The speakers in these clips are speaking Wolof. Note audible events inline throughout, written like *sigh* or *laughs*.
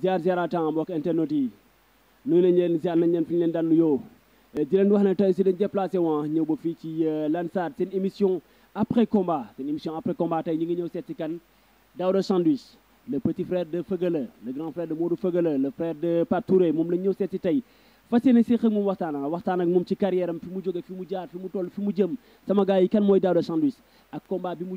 ziar ziaratan mbokk internet yi nuyu nañ leen ziar nañ leen fi ñu leen daan nuyoo eh, di leen wax ne tey si dañ déplacé wa ñëw ba fii ci eh, Lansar seen émission après combat seen émission après combat tey ñu ngi ñëw seet kan Daouda Sandwich le petit frère de Feugeleu le grand frère de Modou Feugeleu le frère de Pape Touré moom lañ ñëw seet si tey fas mum si xëy moom waxtaan ak moom ci carrière am fi mu jóge fi mu jaar fi mu toll fi mu jëm sama yi kan Daouda Sandwich ak combat bi mu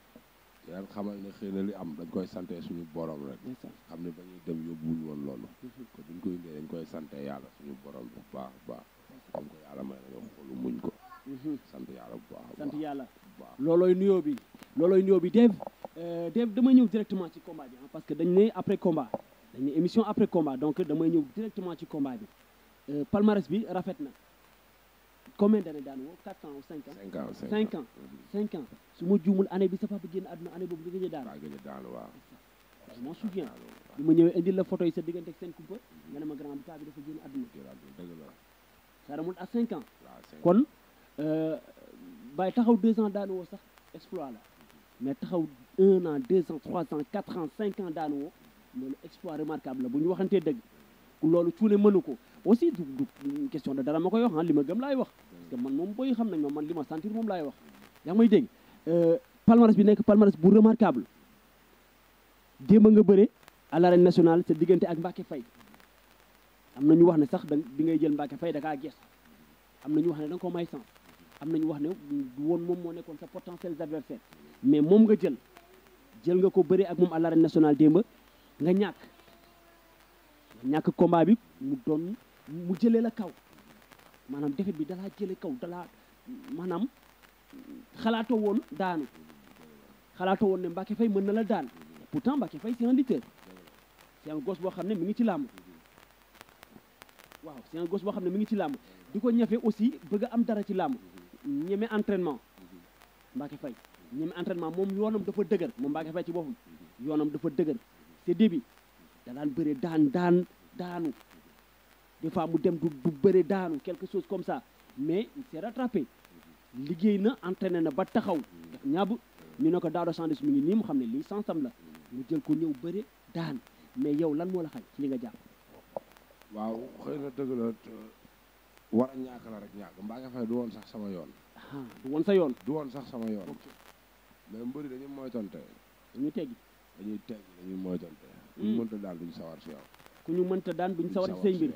leen xamal ne xëy na li am dañ koy santé suñu borom rek xam ne ba ñuy dem yóbbuwuñ woon loolu mm-hmm. kon duñ koy indee dañ koy sante yàlla suñu borom bu baax baax xam ko yàlla may nañoo xoolu muñ ko mm-hmm. sant yàlla bu baax sant yàlla loolooy nuyoo bi loolooy nuyoo bi Dave euh, dev dama ñëw directement ci combat bi hein, parce que dañ ne après combat dañ ne émission après combat donc damay ñëw directement ci combat bi euh, palmarès bi rafet na combien d'années d'années 4 ans ou 5 ans 5 ans. 5, ans. ans. 5 ans. Si moi, je me dis, je suis venu à l'époque, je suis venu à Je m'en souviens. Je me la photo, il s'est dit, c'est un coup. Je me suis dit, je suis venu à l'époque. Ça remonte à 5 ans. Kon, tu as 2 ans dans nous, ça, exploit Mais tu as 1 an, 2 ans, 3 ans, 4 ans, 5 ans d'années, nous, c'est un exploit remarquable. Si nous avons un peu de temps, Aussi, c'est une question de drame, c'est ce que je veux dire. que man moom booy xam nañ man li ma sentir moom laay wax yaa ngi may dégg euh, palmarès bi nekk palmarès bu remarquable démb nga bëre à l'arène nationale sa diggante ak Mbacke fay am na ñu wax ne sax da bi ngay jël Mbacke fay da kaa gees am na ñu wax ne da nga ko may sens am na ñu wax ne woon moom moo nekkoon sa potentiel adversaire mais moom nga jël jël nga ko bëre ak moom à l'arène nationale démb nga ñàkk nga ñàkk combat bi mu doon mu jëlee la kaw maanaam defet bi dalaa jële kaw dalaa maanaam xalaatoo woon daanu xalaatoo woon ne Mbacke fay mën na la daan pourtant Mbacke Faye c'est un lutteur c'est un gosse boo xam ne mi ngi ci làmb waaw c'est un boo xam ne mi ngi ci làmb di ko ñafe aussi bëgg a am dara ci làmb ñeme entrenement entraînement Mbacke Faye ñeme entrenement moom yoonam dafa dëgër moom Mbacke Faye ci boppam yoonam dafa dëgër c'est début da daan bëre daan daanu des fois mu dem du du bëre daanu quelque chose comme ça mais il s'est rattrapé liggéey na entraîné na ba taxaw daf ñàbb ñu ne ko Daouda Sandwich mi ngi nii mu xam li lii sansam la mu jël ko ñëw bëre daan mais yow lan mo la xañ ci li nga jàpp waaw xeyna na dëgg la war a la rek ñàkk mbaa nga fay du won sax sama yoon du won sa yoon du won sax sama yoon mais mbeuri dañuy moytonte ñu teggi dañuy teggi dañuy moytonte ku hmm. ñu mënta daan duñ sawar ci yow ku ñu mënta daan duñ sawar ci say mbir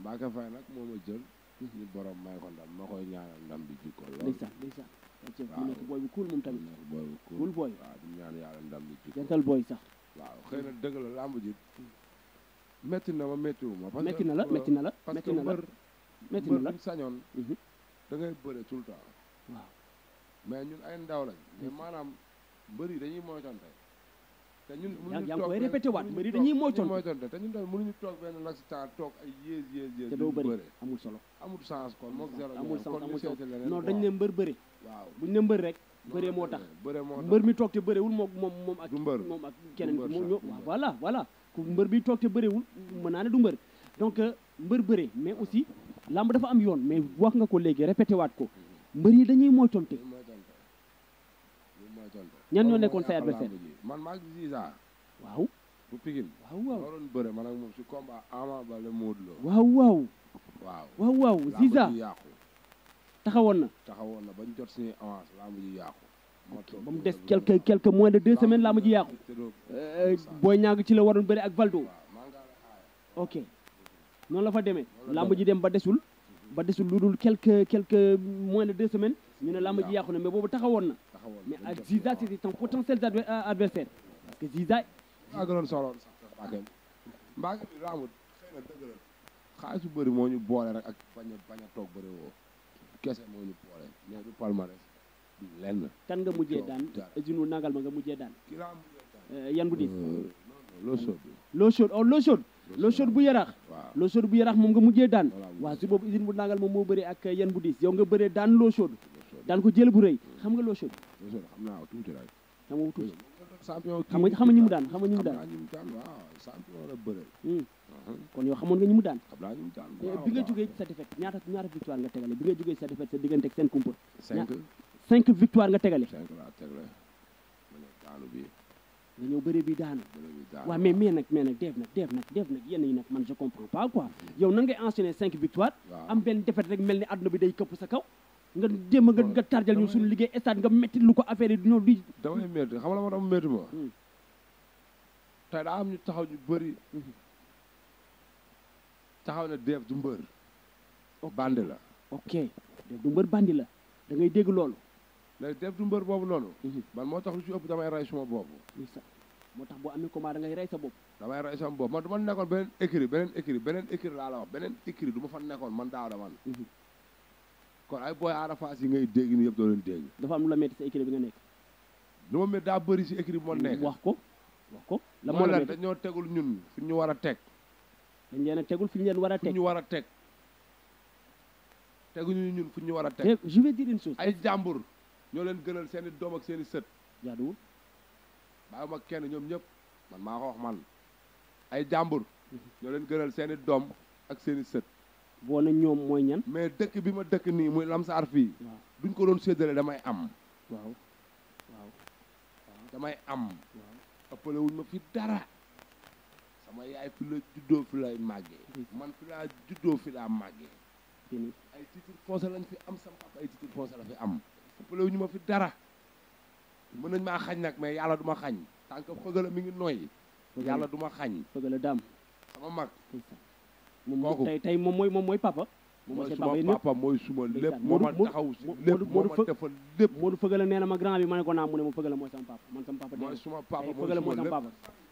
Mbacké Faye nag moo ma jël suñu borom may ko ndam ma koy ñaanal ndam bi jikko lool sax ndeysaan sax mu nekk booy bu kuul moom tamit mu nekk booy bu kuul kuul booy waaw di ñaan yàlla ndam bi jikko jantal booy sax waaw xëy na dëgg la làmb ji na ma méttiwu ma parce que métti na la métti na la métti na la métti na la sañoon mhm. da ngay bëre tout le temps waaw mais ñun ay ndaw lañ mhm. maanaam mbër yi dañuy moytante te ñun mënuñu toog koy répété waat mbëri dañuy moytoon te ñun tamit mënuñu toog benn laps temps toog ay yées yées yées te doo bëri amul solo amul sens kon moom zéro amul sens amul sens non dañ ne mbër bëri waaw buñ ne mbër rek bëree moo tax mbër mi toog te bëriwul moom moom moom ak moom ak keneen moom voilà voilà ku mbër bi toog te bëriwul mën naa du mbër donc euh, mbër bëri mais aussi lamb dafa am yoon mais wax nga ko léegi répété waat ko mm-hmm. mbër yi dañuy moytonte ñan ñoo nekkoon say adversaire man maa ngi Ziza waaw bu Pikine waaw waaw waroon bëre man ak moom si combat Ama Baldé Modou Lo waaw waaw waaw waaw waaw Ziza yàqu taxawoon na taxawoon na bañ jot suñuy avance laa mu ji yàqu ba mu des quelques quelques moins de deux semaines laa mu ji yàqu euh, booy ñaangi ci la waroon bëre ak Valdo ok noonu la fa demee làmb ji dem ba desul mhm. ba desul lu dul quelques quelques moins de deux semaines ñu ne lamb ji yàqu na mais boobu taxawoon na mais ak Ziza c'est ton potentiel euh, adversaire parce que Ziza maa gënoon soxla woon sax mbaa nga bëri moo ñu boole rek ak bañ a toog bëri woo kese moo ñu boole mais du palmarès du lenn kan nga mujjee daan usine nangal ma nga mujjee daan ki laa mujjee euh, bu diis loo sóod loo sóod loo sóod loo sóod bu yaraax loo sóod bu yaraax moom nga mujjee daan waaw si boobu usine bu nangal moom moo bëri ak yan bu diis yow nga bëree daan loo sóod daan ko jël bu rëy xam nga loo chef. loo xam naa tuuti laay. xam nga tuuti. xam nga xam nga ñi mu daan xam nga ñi mu daan. Hmm. kon yow xamoon nga ñi mu daan. Eh, bi nga jógee certificat ñaata ñaata victoire nga tegale bi nga jugee jógee certificat sa diggante ak seen kumpa. cinq cinq victoire nga tegale. cinq laa tegale ma ne bi. nga ñëw bëre bi daanu. waaw mais mais nag mais nag def nag def nag def yenn yi nag man je comprends pas quoi yow nan ngay enchaîner cinq victoire. am benn défaite rek mel ni àdduna bi day këpp sa kaw. nga dem nga nga tardel ñu suñu liggéey stade nga metti lu ko affaire yi ñoo di damay metti xam la ma dama metti ma hmm. tay da am ñu taxaw ñu bari hmm. taxaw na def du mbeur bandi la ok def du mbeur bandi la da ngay dégg loolu lay def du mbeur bobu loolu hmm. man motax lu ci ëpp damay ray suma bobu motax bo amé combat da ngay ray sa bop damay ray sama bop man duma nekkon benen écrit benen écrit benen écrit la la wax benen écrit duma fa nekkon man man kon ay booy Ada Fass yi ngay dégg nii yëpp doo leen dégg. dafa am lu la métti sa équipe bi nga nekk. lu ma métti daa bëri si équipe moo nekk. wax ko wax ko. la moo la ñoo tegul ñun fi ñu war a teg. dañ tegul fi ñu war a teg ñu war a teg. teguñu ñun fu ñu war a teg. je vais dire ay jàmbur ñoo leen gënal seen i doom ak seen i sët. jaaduwul. bàyyi kenn ñoom ñëpp man maa wax man ay jàmbur. Mhm. ñoo leen gënal seen doom ak seen i sët. boo na ñoom mooy ñan mais dëkk bi ma dëkk nii muy lamsaar fii ñu ko doon séddalee damay am waaw damay am ëppale wuñ ma fi dara sama yaay fi la juddoo fi lay màggee man fi laa juddoo fi laa màggee ay titre foncier lañ fi am sama papa la fi am ëppale wuñu ma fi dara mën nañ maa xañ nag mais yàlla duma ma xañ tant que xëgala mi ngi nooy yàlla duma ma xañ xëgala daam sama mag kooku tey tey moom mooy moom mooy papa. mooy suma mooy suma lépp moo ma taxaw si lépp moo ma defal lépp Modou Feugeula nee na ne ko naa mu ne ma Feugeula mooy sama papa man sama papa mooy suma papa mooy sama papa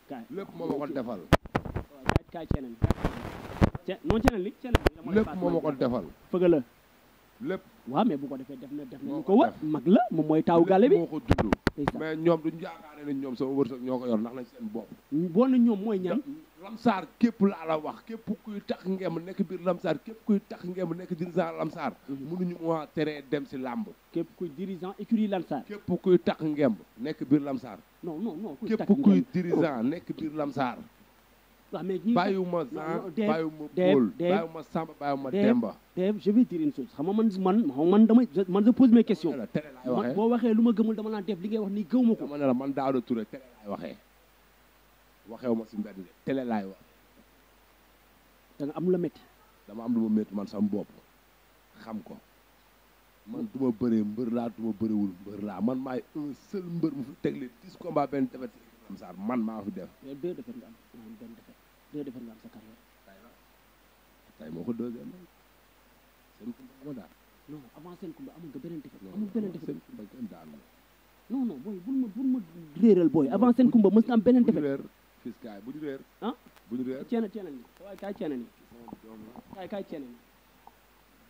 kaay lépp defal kaay kaay ceeneen noonu li ceeneen lépp moo ma ko defal Feugeula lépp waaw mais bu ko defee def na def na ñu ko wa mag la moom mooy taawu gàlle bi moo ko dund mais ñoom duñ yaakaar ne ñoom sama wërsëg ñoo ko yoon ndax nañ seen bopp boo na ñoom mooy ñan lamsaar képp laa la wax képp kuy tax ngeem nekk biir lamsaar képp kuy tax ngeem nekk dirigeant lamsaar mhm. mënuñu moo teree dem si làmb képp kuy dirigeant écurie lamsaar képp kuy tax ngeem nekk biir lamsaar non non non képp kuy dirigeant nekk biir lamsaar waaw mais ñii bàyyiwuma Zane bàyyiwuma Paul bàyyiwuma Samba bàyyiwuma Demba. Dave je vais dire une chose xam nga man man man damay man je pose mes questions. man boo waxee lu ma gëmul dama naan def li ngay wax nii gëmuma ko. dama ne la man Daouda Touré télé laay waxee ma si mbedd de télé laay wax. da nga am la métti. dama am lu ma métti man sama bopp xam ko man du ma bëree mbër laa du ma bëriwul mbër laa man maay un mbër mu fi teg li dix combats benn defet Lam Sarr man maa fi def. yow deux défaites nga am maanaam benn défaite deux défaites nga am sa carrière. tey moo ko deuxième rek seen kumba amoo daal. kumba amul nga beneen défaite. amul booy bul ma bul ma réeral booy avant seen kumba mës nga am beneen défaite. bu ñu réer fiskaay bu ñu réer. ah bu ñu réer ceena ceena ni waaye kaay ceena ceena ni.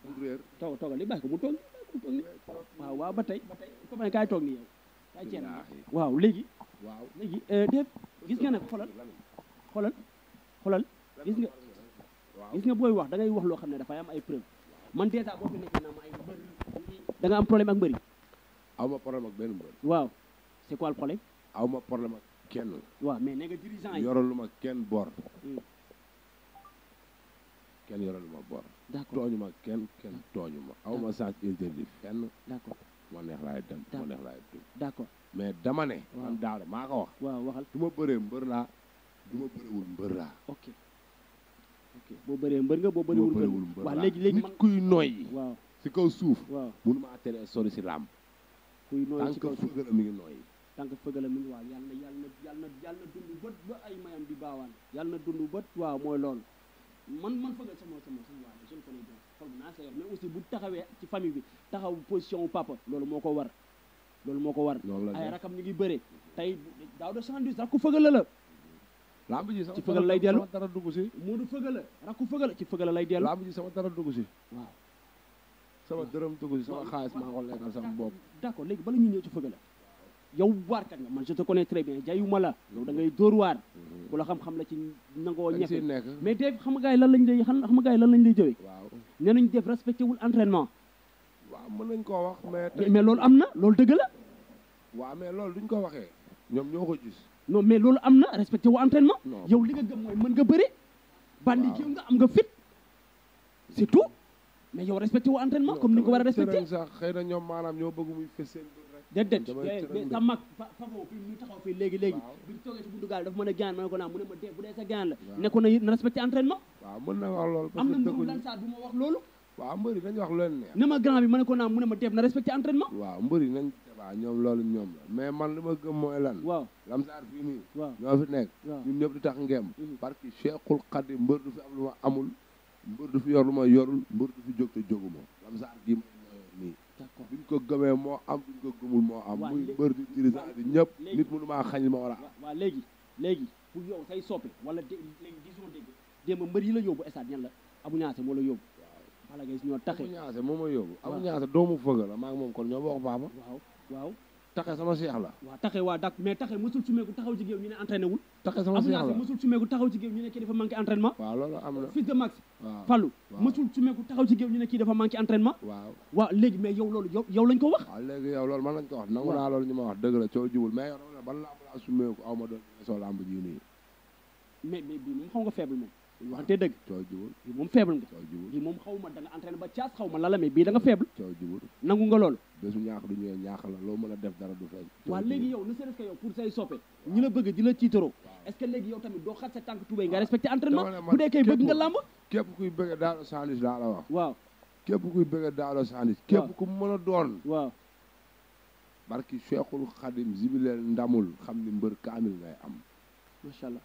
bu ñu réer toog toogal li bàyyi ko mu toog waaw waaw ba tey ba tey kaay toog ni yow. waaw léegi waaw léegi euh, def gis nga nag xolal xolal xolal gis nga gis nga booy wax da ngay wax loo xam ne dafay am ay preuve man dèjà boo fi nekk naa ma ay mbër da am problème ak mbëri aw ma problème ak benn waaw c'est quoi le problème aw ma problème ak kenn waaw mais nee nga dirigeant yi yoralu ma kenn boor hmm. kenn yoralu ma bor d'accord tooñu ma kenn kenn tooñu ma aw ma sens interdit fenn d'accord ma neex dem ma neex laay mais dama ne man daara maa ko wax waaw waxal du ma bëree mbër laa du ma bëreewul mbër laa ok boo bëree mbër nga boo bëreewul mbër waaw léegi léegi nit kuy nooy waaw si kaw suuf waaw mënu maa tere sori si làmb kuy nooy si kaw suuf fëgala mi ngi nooy tant que fëgala mi ngi waaw yàlla yàlla yàlla yàlla dund bët ba ay mayam di baawaan yàlla na dund bët waaw mooy loolu man man fëgal sama sama sama waaw xol bu naas la yor aussi bu taxawee ci famille bi taxaw position wu papa loolu moo ko war loolu moo ko war ay rakam ñu ngi bëre tey daaw de sandwich rakku fëgala la lamb ji ci fëgal lay dellu dara dugg si Moodu fëgala rakku fëgala ci fëgala lay dellu lamb ji sama dara dugg si waaw sama dërëm dugg si sama xaalis maa ko lekkal sama bopp d'accord léegi bala ñu ñëw ci fëgala yow waarkat nga man je te connais très bien jayuma la yow da ngay dóor waar mhm. bu la xam-xam la ci nangoo ñefe mais def xam nga gaay lan lañ lay xam nga gaay lan lañ lay jëwee waaw ne nañ def respecté wul entraînement waaw mën nañ koo wax mais mais loolu am na loolu dëgg la waaw mais loolu duñ ko waxee ñoom ñoo ko gis non mais loolu am na respecté wu entraînement yow li nga gëm mooy mën nga bëri bandi géew nga am nga fit c'est tout mais yow respecté wu entraînement comme ni ko war a respecté sax xëy na ñoom déedéet sa mag fafoo fi taxaw fii léegi léegi bi ñu buntu gaal dafa mën a gaan ma ne ko naa mu ne ma dee bu dee sa gaan la ne ko na respecté entraînement waaw mën na wax loolu am na mbiru ma wax loolu waaw mbëri dañu wax loolu ne ma grand bi ma ne ko ma dee na respecté entraînement waaw mbëri nañ waaw ñoom loolu ñoom la mais man li ma gëm mooy lan waaw lamsaar fii nii waaw ñoo fi nekk ñun ñëpp di tax ngeem mhm. parce que Cheikhul Khadim mbër du fi lu ma amul mbër du fi yor lu ma yorul mbër di fi jóg te jóguma lamsaar gii buñ ko gëmee moo am buñ ko gëmul moo am muy mbër di dirigeant di ñëpp nit mënu maa xañ moo ma léegi léegi pour yow say soppe wala d léegi disoo dégg démb mbër yi la yóbbu stade ñan la Abou Niasse moo la yóbbu Balla Gaye ñoo taxe Abou Niasse moo ma yóbbu Abou Niasse doomu fëgg la maa moom kon ñoo bokk papa waaw waaw taxe sama seex la taxe waa dak mais taxe mosul sumeeku taxaw ci géew ñu ne entraîné wul a sama seex la Abou taxaw ci géew ñu ne kii dafa manqué entraînement waaw loolu am na fils de Max waaw Fallou sumeeku taxaw ci géew ñu ne kii dafa manqué entraînement waaw waaw léegi mais yow loolu yow lañ ko wax waaw léegi yow loolu man lañ ko wax nangu naa loolu ñu ma wax dëgg la coo jubul mais yow la ban lamb laa sumeeku aw moom xaw nga faible moom ñu waxantee dëgg coo jubul bii moom faible nga coo jubul bii moom xaw ma da nga entraîné ba caas xaw ma bii da nga faible coo jubul nangu bésu ñaax du ñëwee ñaax la loo mën a def dara du feeñ waaw léegi yow na serait-ce yow pour say soppe ñu la bëgg di la ciitaro est-ce que léegi yow tamit doo xat sa tànk tubéy nga respecté entraînement bu dee kay bëgg nga làmb képp kuy bëgg daalo sandwich laa la wax waaw képp kuy bëgg daalo sandwich képp ku mën a doon waaw barki Cheikhul Khadim zibileel ndamul xam ni mbër kaamil ngay am macha allah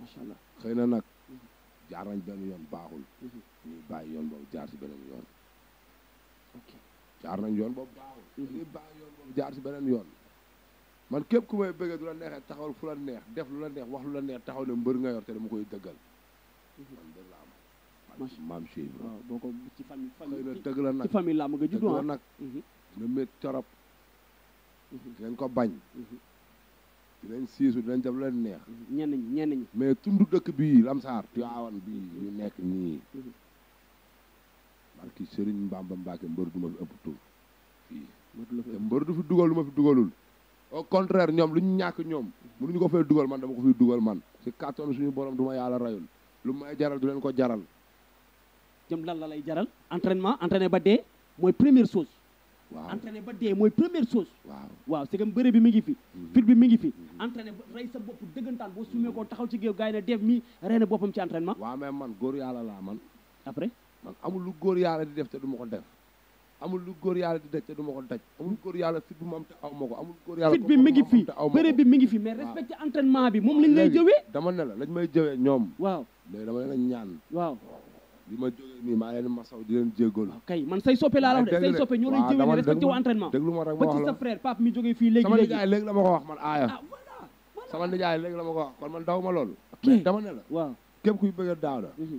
macha allah xëy na nag jaar nañ benn yoon baaxul mhm. ñuy bàyyi yoon boobu jaar si beneen yoon jaar nañ yoon boobu baaxul dañuy bàyyi jaar si beneen yoon man képp ku may bëggee du la neexee taxawal fu la neex def lu la neex wax lu la neex taxaw ne mbër nga yor te dama koy dëggal mhm. man mbër laa am maam Cheikh boo ko ci famille famille na dëgg la nag ci famille laa ma nga juddoo ah. nag mhm. na métti torop mhm. dinañ ko bañ dinañ siisu dinañ def lu leen neex ñenn ñi ñenn ñi mais tund dëkk bii lamsaar Tiwaawan bii ñu nekk ñii barki serigne mbamba iya. mbake mbeur duma fi ëpp tu fi mbeur du fi dugal luma fi oh, dugalul au contraire ñom luñu ñak ñom mënuñ ko fay dugal man dama ko fi dugal man ci carton suñu borom duma yalla rayul lu may ya, jaral du len ko jaral jëm lan la lay jaral entraînement entraîner ba dé moy première chose waaw entraîner ba dé moy première chose waaw waaw c'est que beure bi mi ngi fi mhm. fit bi mi ngi fi entraîner mhm. ray sa bop deugantal bo sumé ko taxaw ci gëw gaay na def mi reena bopam ci entraînement waaw mais man gor yalla la man après man amul lu góor yàlla di def te du ma ko def amul lu góor yàlla di def te du ma ko daj amul góor yàlla fit bi mu am te aw ma ko amul góor yàlla fit bi mi ngi fi bëre bi mi ngi fi mais respecté entraînement bi moom lañ lay jëwee dama ne la lañ may jëwee ñoom waaw léegi dama leen ñaan waaw li ma jógee nii maa leen masaw di leen jéggalu kay man say soppe laa la wax de say soppe ñoo lay jëwee ni respecté wu entraînement déglu ma rek ma wax la ba ci sa frère Pape mi jógee fii léegi léegi sama nijaay léegi la ma ko wax man aaya ah, sama nijaay léegi la ma ko wax kon man daw ma loolu dama ne la waaw képp kuy bëgg daaw la mhm.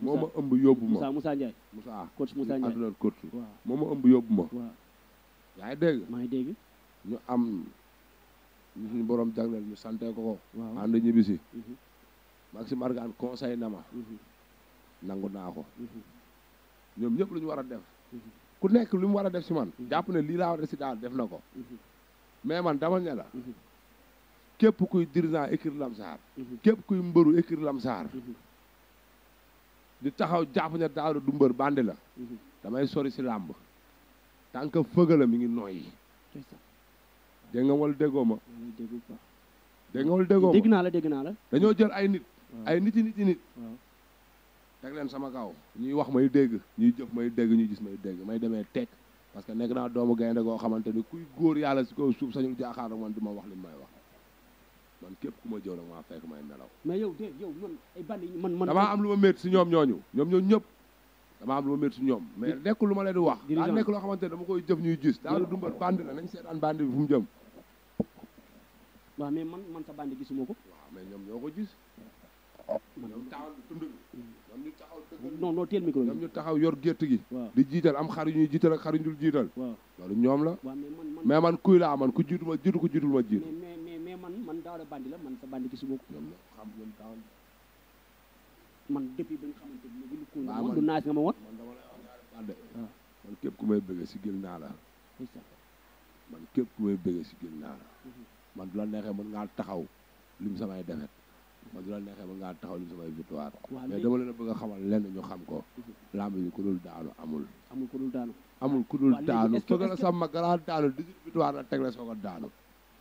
moo ma ëmb yóbbu ma Moussa Moussa Ndiaye Moussa coach Moussa Ndiaye addunaal coach moo ma ëmb yóbbu ma waaw yaa ngi dégg maa ngi dégg ñu am ñu suñu borom jagleel ñu sante ko ko ànd ñibbisi mhm. Maxime Argan conseil na ma mhm. nangu naa ko mhm. ñoom ñëpp lu ñu war a def ku nekk lu mu war a def si man jàpp ne lii laa war a si daal def na ko mais man dama ne la képp kuy dirigeant écurie Lamsar képp kuy mbëru écurie Lamsar di taxaw japp ne daaru dumbeur bande la mhm. damay sori ci lamb tank feugal mi ngi noy de nga wal degoma de nga wal degoma degna la degna la dañoo jël ay nit ay nit nit nit tek len sama kaw ñuy wax may deg ñuy jëf may deg ñuy gis may deg may démé tek parce que nek na doomu gaynde go xamanteni kuy goor yalla ci ko suuf sañul jaaxaar man duma wax li may wax man képp ku ma jëw nag maa fekk may nelaw. mais yow de am lu ma métti si ñoom ñooñu ñoom ñooñu ñëpp damaa am lu ma métti si ñoom. mais nekk lu ma leen di wax. daa nekk loo xamante ne dama koy jëf ñuy gis. daal dumbal bandi la nañ seetaan bandi bi mais man man sa bandi gisuma ko. waaw ñoom ñoo ko gis. man ñoom taxaw tund hmm. bi. ñoom ñu taxaw dëgg. non non teel micro taxaw yor gerte gi. di jiital am xar yu ñuy jiital ak xar yu ñu jiital. waaw loolu ñoom la. mais man kuy laa man ku jiitu ma jiitu ku jiitul ma jiitu Daouda bandi la man sa bandi gisuma ko. ñoom xam ñoom Daouda. man depuis ba nga xamante ni bii nga ma woon. man dama lay ku may bëggee si gil naa la. man képp ku may bëggee si gil naa mhm. man du la neexee mën ngaa taxaw lim samay defet man du la neexee mën ngaa taxaw lim samay victoire. mais dama leen a bëgg a xamal lenn ñu xam ko. Mhm. lamb yi ku dul daanu amul. amul ku dul daanu. amul ku dul daanu. waaw léegi est sa mag daanu 18 victoire la teg la soog daanu.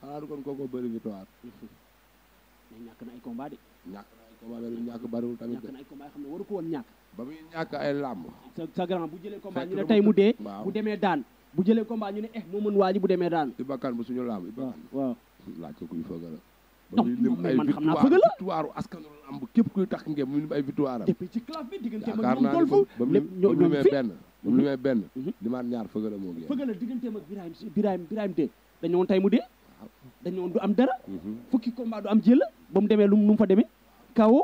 xanaa du kon kookoo bëri victoire. mais ñàkk na ay combat de. ñàkk na ay combat mais ñàkk bariwul tamit de. ñàkk na ay combat yoo xam ne waru ko woon ñàkk. ba muy ñàkk ay làmb. sa sa grand bu jëlee combat ñu ne tey mu dee. bu demee daan bu jëlee combat ñu ne eh moo mën waa ji bu demee daan. Ibakaan bu suñu làmb Ibakaan. waaw *laughs* laaj ko kuy fëgal. non man xam naa fëgal la victoire askanu làmb képp kuy tax ngeen mu lim ay victoire am. depuis ci classe bi diggante ak ñoom Dolfo lépp ñoo ñoom fi yaakaar naa ne ba mu limee benn. ba mhm. mu limee benn. limaat ñaar fëgal la moo ngi. fëgal la digganteem ak Birahim Birahim Birahim de dañu woon tey mu dee dañ woon du am dara. Mhm. fukki combat du am jël ba mu demee lu mu fa demee kawo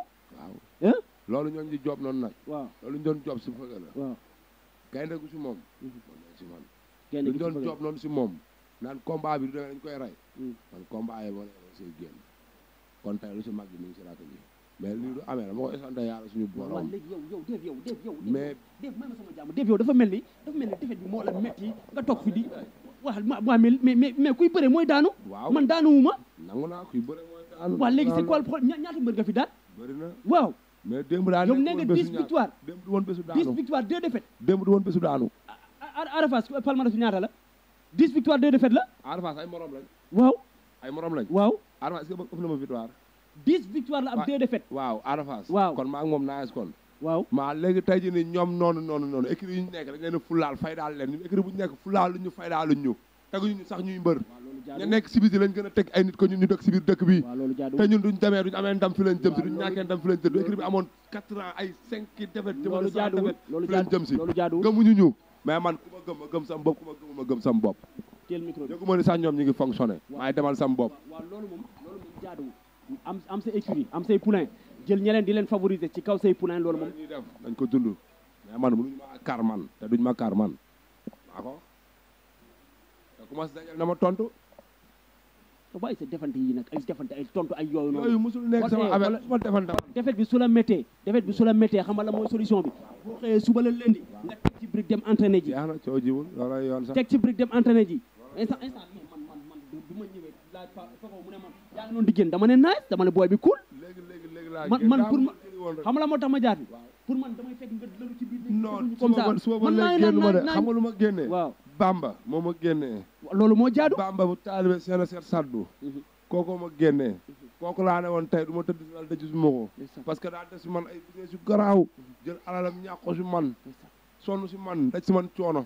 loolu ñooñu di joob noonu nag. waaw loolu ñu doon joob si fëgg la. waaw gaynde gu si mhm. si man gaynde gu si doon joob si moom. naan combat bi du demee dañ koy rey. Mhm. man combat yi ma ne ma siy génn. lu si mag bi mu ngi si rajo bi. mais lii du amee dama koy sant suñu borom. waaw léegi yow mais def maa ma sama jàmm def yow dafa mel ni dafa mel ni defet bi moo la metti nga toog fi di. waaw ma waaw mais mais mais kuy bëre mooy daanu. waaw man daanuwuma. nangu naa kuy bëre mooy daanu. waaw léegi c'est quoi le problème ñaata fi daan. waaw. mais démb daa nekk woon bésu ñaar yow nee nga 10 victoire. démb du woon bésu daanu 10 victoire 2 du woon bésu daanu. Arafas palmarès su ñaata la. 10 victoire 2 défaites la. Arafas ay morom lañ. waaw. ay waaw. Arafas est-ce que ëpp na ma victoire. 10 victoire la am 2 défaites. waaw Arafas. kon maa moom naa kon waaw maa léegi tey jii ni ñoom noonu noonu noonu écrit yi ñu nekk dañ leen a fulaal faydaal leen ñu écrit bu ñu nekk fulaal luñ ñu faydaal luñ ñu teguñu ñu sax ñuy mbër ñu nekk si biir lañ gën a teg ay nit ñu ñu dëkk si biir dëkk bi te ñun duñ demee duñ amee ndam fi leen jëm si duñ ñàkkee ndam fi leen jëm si écrit bi amoon quatre si gëmuñu ñu mais man ma gëm ma gëm sam bopp ku ma gëm ma gëm sam bopp jëgguma ni sax ñoom ñu ngi fonctionné maay demal sam bopp waaw loolu moom loolu moom jaaduwul am am sa écurie am jël ñeneen di leen favoriser ci kaw say poulain loolu moom. dañ ko dund ma man mënuñu ma kaar man te duñ ma kar man maa ko te commencé ma tontu. waaye sa defante yi nag ay defante ay tontu ay yooyu noonu. yooyu musul nekk sama affaire ma defante defet bi su la méttee defet bi su la méttee xam nga mooy solution bi suba la lëndi nga teg ci brique dem entraîné ji. yaa na teg ci brique dem entraîné ji instant instant man man man du ma ñëwee laaj mu ne man yaa ngi noonu di dama ne naaj dama ne booy bi cool man pour ma xam la moo tax ma jaati pour man damay fekk nga lalu ci biir non comme ça su ma man génn ma de xam nga lu ma génnee waaw bamba moo ma génnee loolu moo jaadu bamba bu taalibe seen a seet saddu mhm. kooku ma génnee mhm. kooku laa ne woon tey duma ma tëdd si ma ko parce que daa des si man ay business yu garaaw mhm. si man sonn man daj coono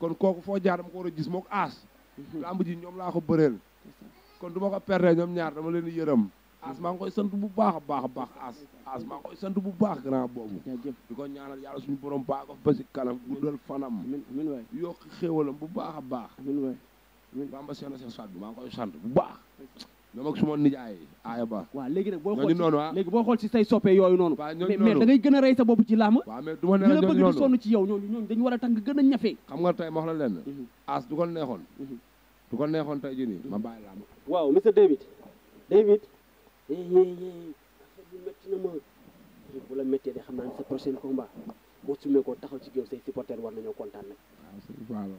kon kooku foo jaar dama ko war a gis moo ko aas lamb ji ñoom laa ko bëreel kon du ma ko perdee ñoom ñaar dama leen di yërëm as maa ngi koy sant bu baax a baax as as maa ngi koy sant bu baax grand boobu di ko ñaanal yàlla suñu borom baax ko ba si kanam guddal fanam amiin a baax amiin ba waaw a sa bopp ci làmb waaw mais du ma ne la bëgg di sonn ci yow ñooñu ñooñu dañu war a tax nga a ñafe xam nga tey ma wax la leen mhm. as du neexoon mhm. du neexoon tey jii nii ma bàyyi làmb waaw monsieur David eh eh affaire bi métti na ma bu de xam naa ne sa prochain combat boo sumee ko taxaw ci géew say supporters war nañoo kontaan nag. waaw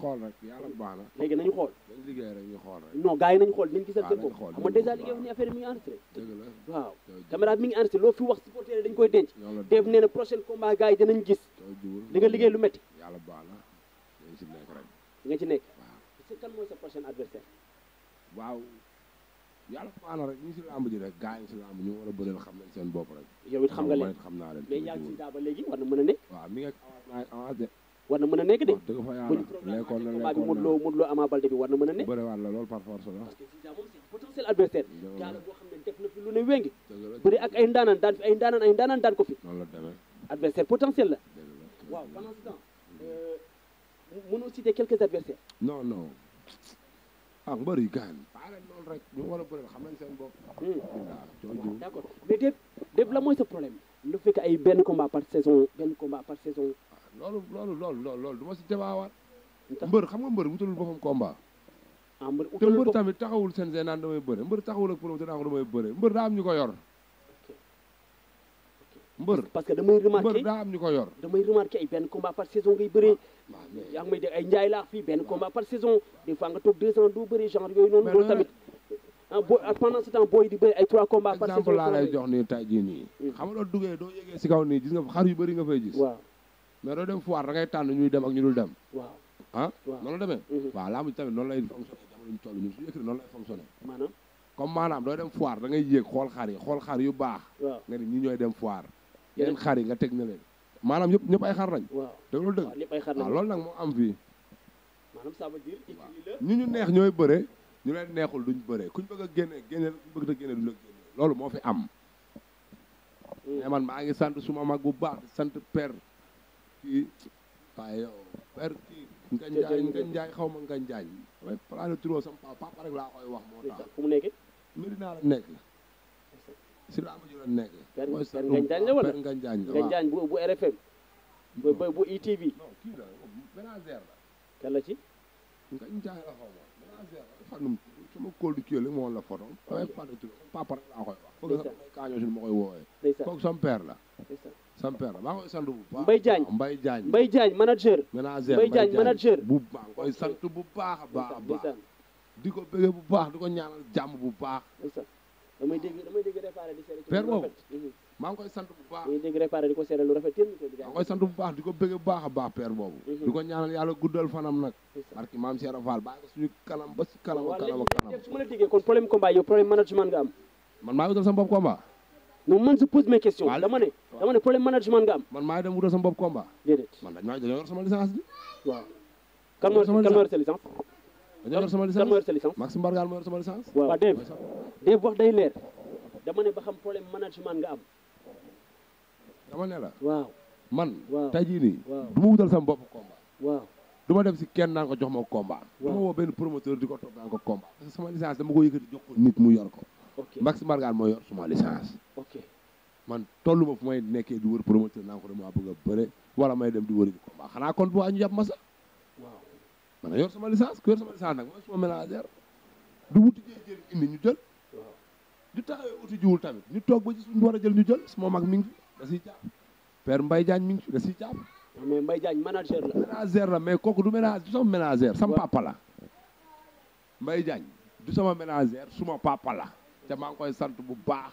xool rek yàlla baax na. léegi nañu xool. dañu liggéey rek ñu xool rek. non gars yi nañu xool nañu gisal seen bopp. xool xam nga dèjà liggéey bi nii affaire bi mi ngi enregistré. loo fi wax supporters yi dañu koy denc. yàlla def nee na prochain combat gars yi danañ gis. li nga liggéey lu métti. yàlla baax na nga ci nekk nga ci nekk. waaw parce que kan sa prochain adversaire. waaw yàlla maanaam rek ñu si lamb ji rek gars yi si ñu war bëreel xam nañ seen bopp rek yow xam nga leen mais yaa si daa ba léegi war na mën a nekk waaw mi ngi avance naa avance de war na mën a nekk na lekkoon na Modou Lo Modou Lo war na mën a nekk bëri waat la loolu par force la parce que si daa moom potentiel adversaire gaa la boo xam ne def na fi lu ne wengi bëri ak ay ndaanaan daan ko fi adversaire potentiel la waaw pendant ce euh, quelques adversaires non non ah mbër yi gaañ. loolu rek ñu war a bëri xam nañ seen bopp. Hmm. waaw d'accord mais la mooy se problème. lu fekk ay benn combat par saison benn combat par saison. Ah, loolu loolu loolu loolu loolu du ma si jabaawaat. mbër xam nga mbër wutalul boppam combat. ah mbër utalul boppam te mbër tamit taxawul seen seen naan damay bëre mbër taxawul ak promoteur naan damay bëre mbër daa am ñu ko yor. mbër parce ñu ko yor damay remarqué ay benn combat par saison ngay bëree yaa may dégg ay njaay laax fii benn combat par saison des fois toog deux ans doo bëree genre yooyu noonu loolu tamit ah, bo ah, pendant ce temps booy ay trois combats par saison exemple laa lay jox nii tey jii nii mm. xam nga doo duggee yegee si kaw nii gis nga xar yu bëri nga fay gis waaw mais doo dem foire da ngay tànn ñuy dem ak ñu dul dem waaw ah noonu la demee mm-hmm. waaw laa mujj tamit noonu lay fonctionné jamono ñu toll ñun suñu yëkkati noonu dem foire da ngay xool xar yi xool xar yu baax nga ni ñi ñooy dem foire yeneen xar yi nga tek na leen manam yëpp ñep ay xar lañ waaw te deug dëgg ñëpp ay xar lañ waaw ah, loolu nag moo am fii maanaam ça veut dire ñu ñu neex ñoy beure ñu leen neexul duñ beure kuñ bëgg a génne bëgg ta génne duñ la génne loolu mo fi am ne hmm. man ma ngi sant suma mag bu baax di sant père kii paye père kii ngañ jaay ngañ jaay xaw ma ngañ jaay damay plané turoo sama papa rek la koy wax mo tax fu mu nekk Medina la nekk si laa mujj doon nekk. mooy seen ngañ jaañ la wala ngañ jaañ la ngañ jaañ bu bu RFM. bu bu bu ITV. non kii la Bénazer la. kan la ci. ngañ jaañ la xaw ma Bénazer la dafa num sama kóoldu kii la moo la photo. Ah damay fàtte ci papa rek laa koy wax. foog sama kaañoo si ma koy woowee. kooku sama père la. sama père la maa ngi koy sant bu baax. Mbaye Diagne Mbaye Diagne. Mbaye Diagne manager. Bénazer Mbaye Diagne manager. bu baax koy sant bu baax a baax a baax. di ko bëggee bu baax di ko ñaanal jàmm bu baax. damay dégg damay dégg réparé di seere boobu mhm. maa ngi koy sant bu baax damay ko seere lu rafet yéen maa ngi bu baax di ko bëgg bu baax a baax père boobu mhm. di ko ñaanal yàlla guddal fanam nag barki maam Cheikh Fall bàyyi ko suñu kanam ba si kanam a kanam ak kanam su ma la déggee kon problème combat yow problème management nga am man maa ngi wutal sama bopp combat non man je management nga man maa ngi dem wutal sama bopp man dañ maa dañoo yor sama licence bi sa kan mooy sa licence Maxime Bargal mooy sama licence waaw dégg dégg wax day leer dama ne management nga am dama Wow. la Wow. man Wow. jii Wow. Wow. ma wutal sama Wow. combat Wow. du ma dem si kenn naan ko Wow. ma combat du ma woo benn promoteur di ko toog naan ko combat parce que sama licence dama ko yëkkati jox ko nit mu yor ko Maxime Bargal moo yor sama licence ok man tollu ma fu dua nekkee di wër promoteur naan ko dama bëgg a bëre wala may dem di wër man na sama licence ku yor sama licence nag mooy manager du wuti jee ñu jël du taxawee uti jiwul tamit ñu toog ba ci suñu war a jël ñu jël su mag mi ngi fi da siy jàpp père Mbaye Diagne mi ngi fi da siy jàpp mais Mbaye Diagne manager la mais kooku du ménage du sama manager sama papa la Mbaye du sama manager suma papa la maa ngi koy sant bu baax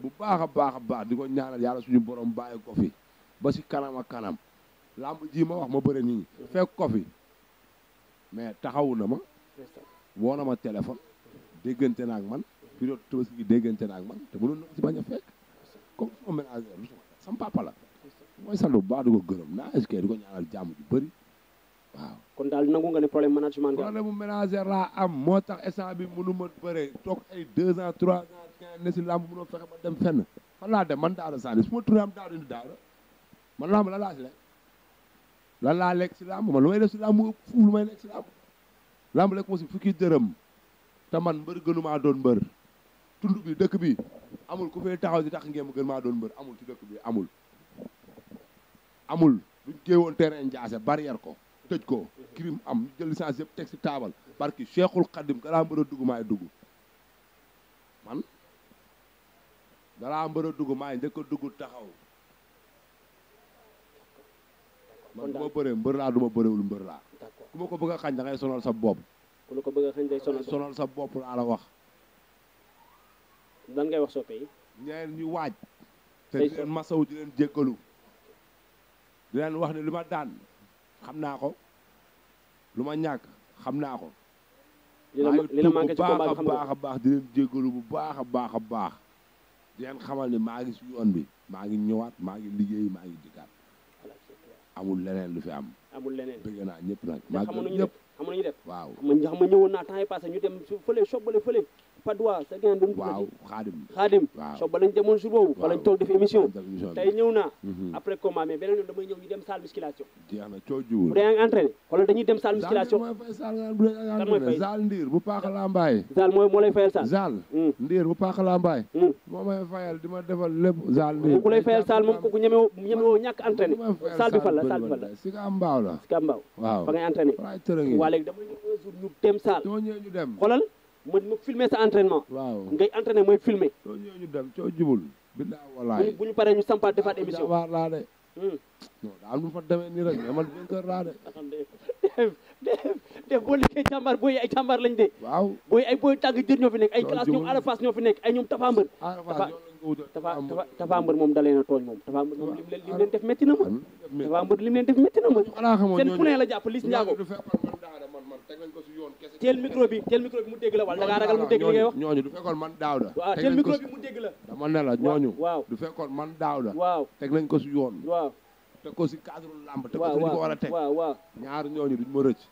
bu baax a baax a baax di ko ñaanal yàlla suñu borom bàyyi ko fi ba si kanam ak kanam lamb ji ma wax ma bëre nit ñi fekk ko fi mais taxawu na ma woo na ma téléphone déggante na ak man période tabaski gi déggante na ak man te mënoon na si bañ a fekk comme sama ménagère sama papa la mooy sant bu baax du ko gërëm naa eskay du ko ñaanal jàmm ju waaw kon daal nangu nga ne problème management problème mu ménagère laa am moo tax instant bi mënu ma bëre toog ay deux ans trois ans quinze ne si làmb mënoo fexe ba dem fenn fan laa dem man daara sanni su ma turee am daara indi daara man làmb la laa si lan laa lekk si làmb man lu may def si làmb fu lu may lekk si làmb làmb lekk ma si fukki dërëm te man mbër gënu doon mbër tund bi dëkk bi amul ku fay taxaw di tax ngee ma gën maa doon mbër amul ci dëkk bi amul amul duñ téewoon terrain jaase barrière ko tëj ko crime am ñu jël licence yëpp teg si taabal parce que Cheikhul Khadim galaa mbër a dugg maay dugg man galaa mbër a dugg maay njëkk a dugg taxaw man duma bëree kamu laa duma bëreewul Kamu laa ku ma ko bëgg xañ e da ngay sonal sa bopp ku la ko bëgg xañ e day sonal sonal sa bopp laa la wax lan ngay wax kamu yi ñu waaj te di leen masaw di leen jéggalu di leen wax ne lu daan xam ko ko ci baax baax di jéggalu bu baax baax baax di xamal ngi yoon bi maa ngi ñëwaat maa ngi liggéey ngi amul leneen lu fi am. amul leneen bëgg a ñëpp nag. maa ngi ñëpp xamuñu def xamuñu def. waaw man xam nga ñëwoon naa temps yi passé ñu dem su fële soppale Padois sa gën bu mu waaw xaadim xaadim so ba lañ demoon jour boobu fa lañ toog def émission tey ñëw naa mhm. après combat mais beneen yoon damay ñëw ñu dem salle musculation a na coo jiwul bu dee yaa ngi entraîné xoolal dem salle musculation mooy fay salle bu dee mooy fay salle la salle bi fan la si ka mbaaw la si ka mbaaw waaw fa ngay entraîné waa léegi damay ñëw un jour ñu dem salle ñoo ñëw ñu dem ma ma filmer sa entraînement. waaw ngay entraîné mooy filmer. soo ñëwee ñu dem soo jubul. bilaa walaay bu ñu paree ñu sampaat defaat émission. waaw laa de. Hmm. non daal nu fa demee nii rek mais man vainqueur laa de. def boo liggéey jàmbaar booy ay jàmbaar lañ de. waaw booy ay booy tàng jër ñoo fi nekk ay classe ñoom Arafaas ñoo fi nekk ay ñoom Tafambër. Arafaas Tapha Tapha Mbeur moom dalee na tooñ moom Tapha Mbeur moom lim lim leen def métti na ma Tapha Mbeur lim leen def métti na ma seen ku ne la jàpp Liss Ndiago mu dégg la man daaw la waaw teel micro mu dégg la waaw du fekkoon ko si yoon waaw teg ko si cadre lamb teg ko si ko war a teg waaw waaw ñaar ñooñu duñ ma rëcc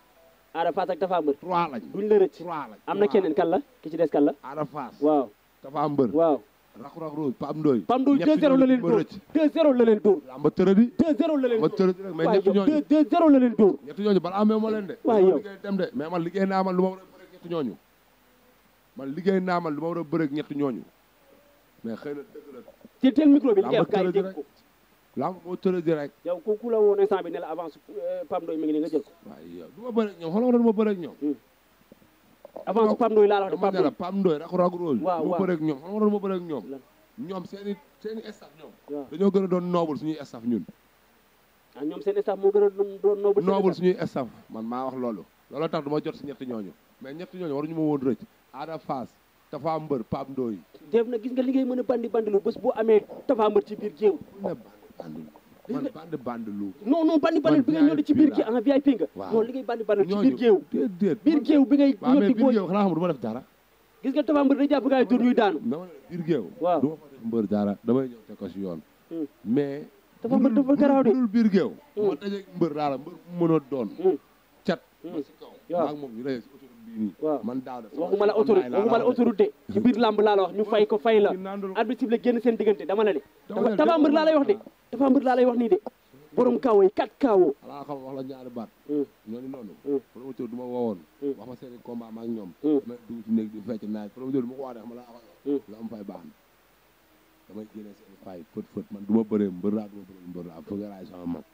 Ada Fass ak Tapha Mbeur trois lañ la rëcc trois lañ am na keneen kan la ki ci des kan la Ada Fass waaw Tapha Mbeur waaw rax-rax rouge Pam Ndoye. Pam Ndoye 2-0 la leen dóor 2-0 la leen lamba tërëdi. 2-0 la leen dóor mais ñetti ñooñu 2-0 la leen dóor. ma leen de. waaye yow dem de man liggéey naa man lu ma war a bëreeg ñetti ñooñu. man mais xëy na la. ci tel micro bi li ngay wax gars ko. lamba moo tërëdi rek. yow ku ku la woon instant bi ne avance euh, Pam Ndoye mi ngi ne nga jël ko. ma bëreeg ñoom ma doon ma avant Pape Ndoye laa la wax de Pape Ndoye rak Rock Rose waaw moo ñoom ñoom ñoom seen i ñoom dañoo gën a doon noobul suñuy staff ñun ah ñoom seen staff moo gën a doon noobul noobul suñuy staff man maa wax loolu looloo tax du ma jot si ñetti ñooñu mais ñetti ñooñu waruñu ma woon rëcc Ada Fass Tafa Mbër Pape def na gis nga liggéey mën a bandi bandi lu bés boo amee Tafa ci biir géew man bandi bandi lu non non bandi bandi bi ngay ñëw di ci biir kii en ah, VIP nga non li ngay bandi bandi ci biir géew biir géew bi ngay ñëw di booy xanaa xam du ma def dara gis nga Tapha Mbeur da jàpp gaay dur ñuy daanu dama biir géew waaw du ma fa def mbër dara damay ñëw te ko si yoon hmm. mais Tapha Mbeur dafa garaaw de dul biir géew hmm. ma dajeeg mbër daala mbër mënoo doon hmm. cat ma si kaw waaw moom ñu daje si nii man Daouda waxuma la autorité waxuma la autorité ci biir làmb laa la wax ñu fay ko fay la arbitre la génn seen diggante dama la de Tapha Mbeur laa lay wax de Tapha Mbeur laa lay wax nii de borom kaawo yi kat kaawo alaa la ñaari baat hmm. ñooñu noonu hmm. promoteur du ma woowoon hmm. wax ma seeni combat ma ak ñoom ma dugg ci néeg di ma ko wax de xam la la am baax na damay génne seen fay fët fët man ma bëree mbër laa du ma bëree mbër laa fëgg laay sama mag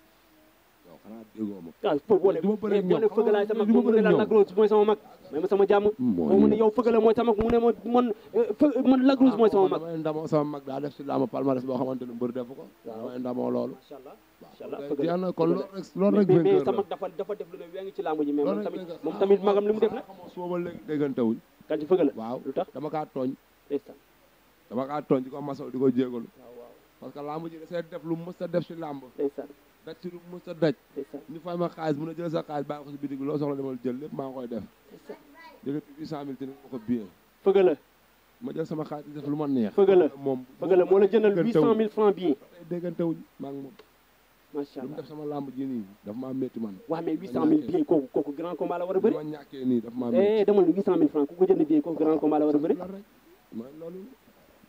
yow xanaa déggoo ma ah, du ma bëree ñoom du ma bëree sama mag may ma sama jàmm moo mu ne yow fëgala mooy sama mu ma man man lagrouse mooy sama ah, ne mbër def ko waaw ndamoo loolu waaw kon loolu dafa def lu ne wee ngi ci làmb ji mais moom tamit moom tamit magam li mu def nag sooba léegi déggantewuñ kan lu tax dama kaa dama kaa tooñ di ko masaw di ko jéegalu parce que làmb ji dasee def lu mës a def si bo daj ci lu mës a daj ñu fay ma xaalis mun a jël sa xaalis bàyyi ko si bitig loo soxla demal jël lépp maa ngi koy def dëgg bi huit cent sama xaalis def lu ma neex. fëgg la moom fëgg la moo la jëndal huit cent mille franc bii. def sama lamb ji nii daf maa métti man. waaw mais huit cent mille billets kooku kooku grand combat la war a bëri. ma ñàkkee nii daf maa eh, métti. demal huit cent jënd billets kooku grand combat la war a bëri.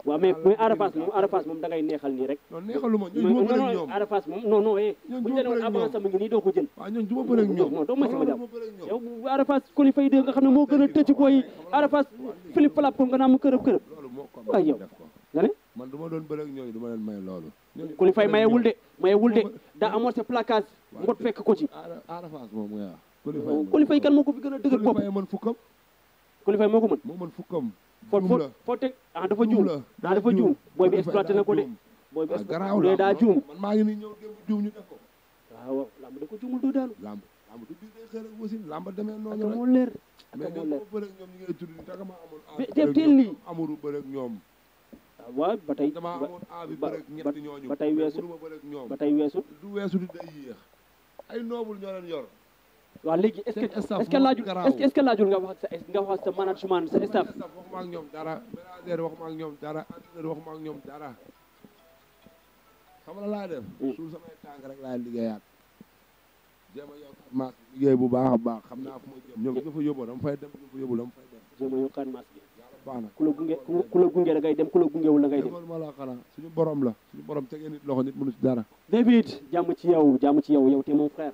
waaw mais mais Arafaas moom Arafaas neexal nii rek. non neexaluma ñoom moom non non eh, bu ñu doon mu ngi nii doo ko jël. waaw ah, ñoom du doo a tëj koy Arafaas Philippe Falap ko nga naan mu may loolu. ku li fay mayewul de mayewul de daa amoon sa placage ngot fekk ko ci. Arafaas kan moo ko fi gën a dëgër bopp qualifier moo ko mën moo mën fukkam foo foo foo dafa juum ah dafa juum booy bi exploité na ko de booy bi ah, exploité daa juum man maa ngi ni ñëw ñu def ko waaw lamb da ko juumul doo daanu lamb lamb du biir xëy rek wasin lamb demee noonu moo leer mais ñoom bërëg ñoom ñu ngay tudd ni tagama amoon teel lii amuru bërëg ñoom ah, waaw ba tey dama amoon aabi bërëg ñetti ñooñu ba tey weesu ba du weesu di day ay noobul ñoo leen waa léegi est-ce que est-ce que laajul est-ce que laajul nga wax ak sa nga wax ak sa management sa staff. ak ñoom dara manager waxuma ak ñoom dara entraîneur waxuma ak ñoom dara xam nga laa def. Mm. suul samay tànk rek laay liggéeyaat. jéem a yokkaat maas liggéey bu baax baax xam naa fu ma jëm ñoom ñu fa yóbbu dama fay dem ñu fa yóbbu dama fay na ku la gunge ku la gunge la ngay dem ku la gungewul la ngay dem la xanaa suñu borom la suñu borom tegee nit loxo nit mënu ci dara David jàmm ci yow jàmm ci yow yow te mon frère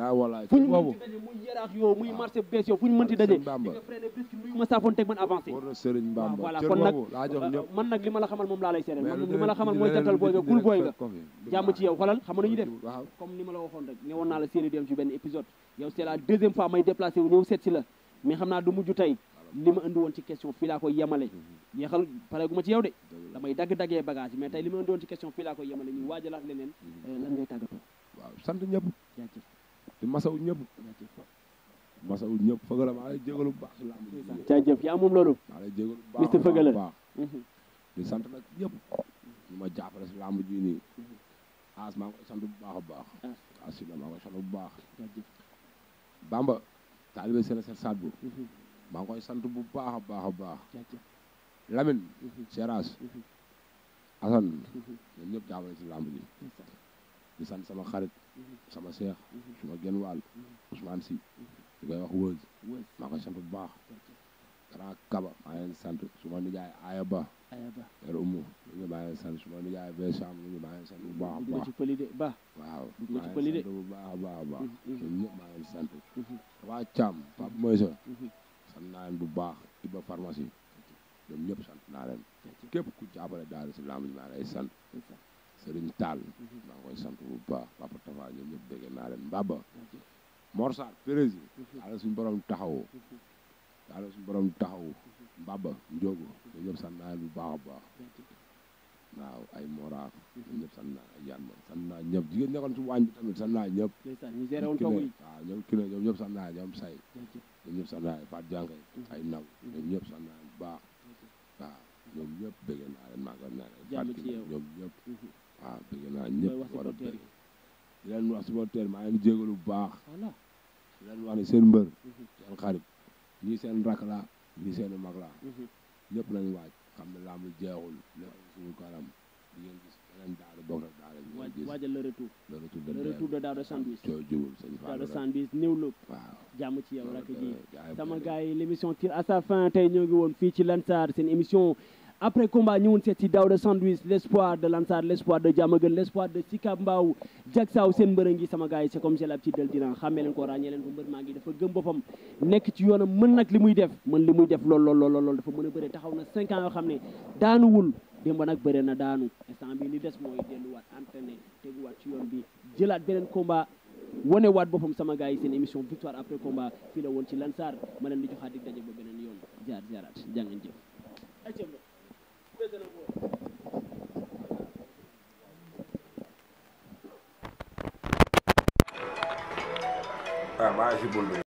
Ah. fu ñu mënti daje muy yaraax yoo muy marché bees yoo saafoon teg man avancé ah, voilà kon nag man nag li ma xamal moom laa lay seedeel man li ma xamal mooy jantal booy nga gul booy nga jàmm ci yow xolal xam nañu def comme ni ma a waxoon rek ne woon naa la série dem ci benn épisode yow c'est la deuxième fois may déplacé wu ñëw seet si la mais xam naa du mujj tey lima ma indi woon ci question fii laa koy yemale yeexal mhm. pare gu ma ci yow de damay dagg-daggee bagage mais tey li ma ci question di masawu ñëpp masawu ñëpp fëgala maa lay jégalu bu baax si làmb jaajëf yaa moom loolu maa lay jégalu bu baax fëgala baax mhm. di sant nag ñëpp ñu ma jàppale si làmb ji ni as maa ngi koy sant bu baax a baax ah. as si la bu baax bamba taalibe seen set saat bu mhm. maa ngi koy sant bu baax a baax a baax Lamine mhm. Seras Assane ñoom ñëpp jàppale si làmb ji di sant sama xarit sama seex su ma genn wàll maa koy sant bu baax grand kaba maa leen sant suma ma nijaay aaya ba yer umu ñu maa leen sant su ma nijaay be sam ñu maa leen sant bu baax baax waaw maa leen bu baax baax baax ñoom mm-hmm. ñëpp sant waa mm-hmm. Thiam Pape Moïse mm-hmm. sant bu baax Iba pharmacie ñoom ñëpp sant naa leen képp ku jàppale daal si lamb ji maa Serigne Tall mhm. maa ngi koy sant bu baax Papa Tafa ñoom ñëpp dégg naa leen Mbaba Mor Sarr président mhm. yàlla suñu borom taxawoo yàlla suñu borom taxawu mhm. Mbaba Ndiogo ñoom ñëpp bu baax a baax ay moraaf ñoom ñëpp sant naa ay yanma sant naa ñëpp jigéen nekkoon si waañ bi tamit sant naa ñëpp waaw ñoom kii ne ñoom ñëpp sant naa ñoom say ñoom ay Fatou Diankay ay naw ñoom ñëpp bu baax waaw ñoom ñëpp dégg naa leen maa ngi leen ñoom ñëpp waaw bëgg naa ñëpp war a bëri di leen wax supporter bu baax di leen wax ne seen mbër mhm. seen xarit ñii seen rak la ñii seen mag la mhm. ñëpp nañ waaj xam ne làmb jeexul nekk suñu kanam di ngeen gis beneen daara bokk ak daara ñu ngi gis waajal le retour le retour de le retour de Daouda Sandwich coo jubul sëñ Fall jàmm ci yow rak ji sama gars yi l' à sa fin tey ñoo ngi woon fii ci lan Lansar seen émission après combat ñëwoon seet si Daouda Sandwich l'espoir de Lansar l'espoir de Diamaguène l'espoir de Sicap Mbao Jaksaaw seen mbër a ngi sama gars yi c'est comme j'ai l'habitude de le dire xàmmee leen ko ràññee leen ko mbër maa ngi dafa gëm boppam nekk ci yoonam mën nag li muy def mën li muy def lool lool lool lool dafa mën a bëre taxaw na cinq ans yoo xam ne daanuwul démb nag bëre na daanu instant bi li des mooy delluwaat entraîné waat ci yoon bi jëlaat beneen combat wane waat boppam sama gars yi seen émission victoire après combat fii la woon ci Lansar ma leen di joxaat dig daje ba waaw ah, maa ngi si bul bi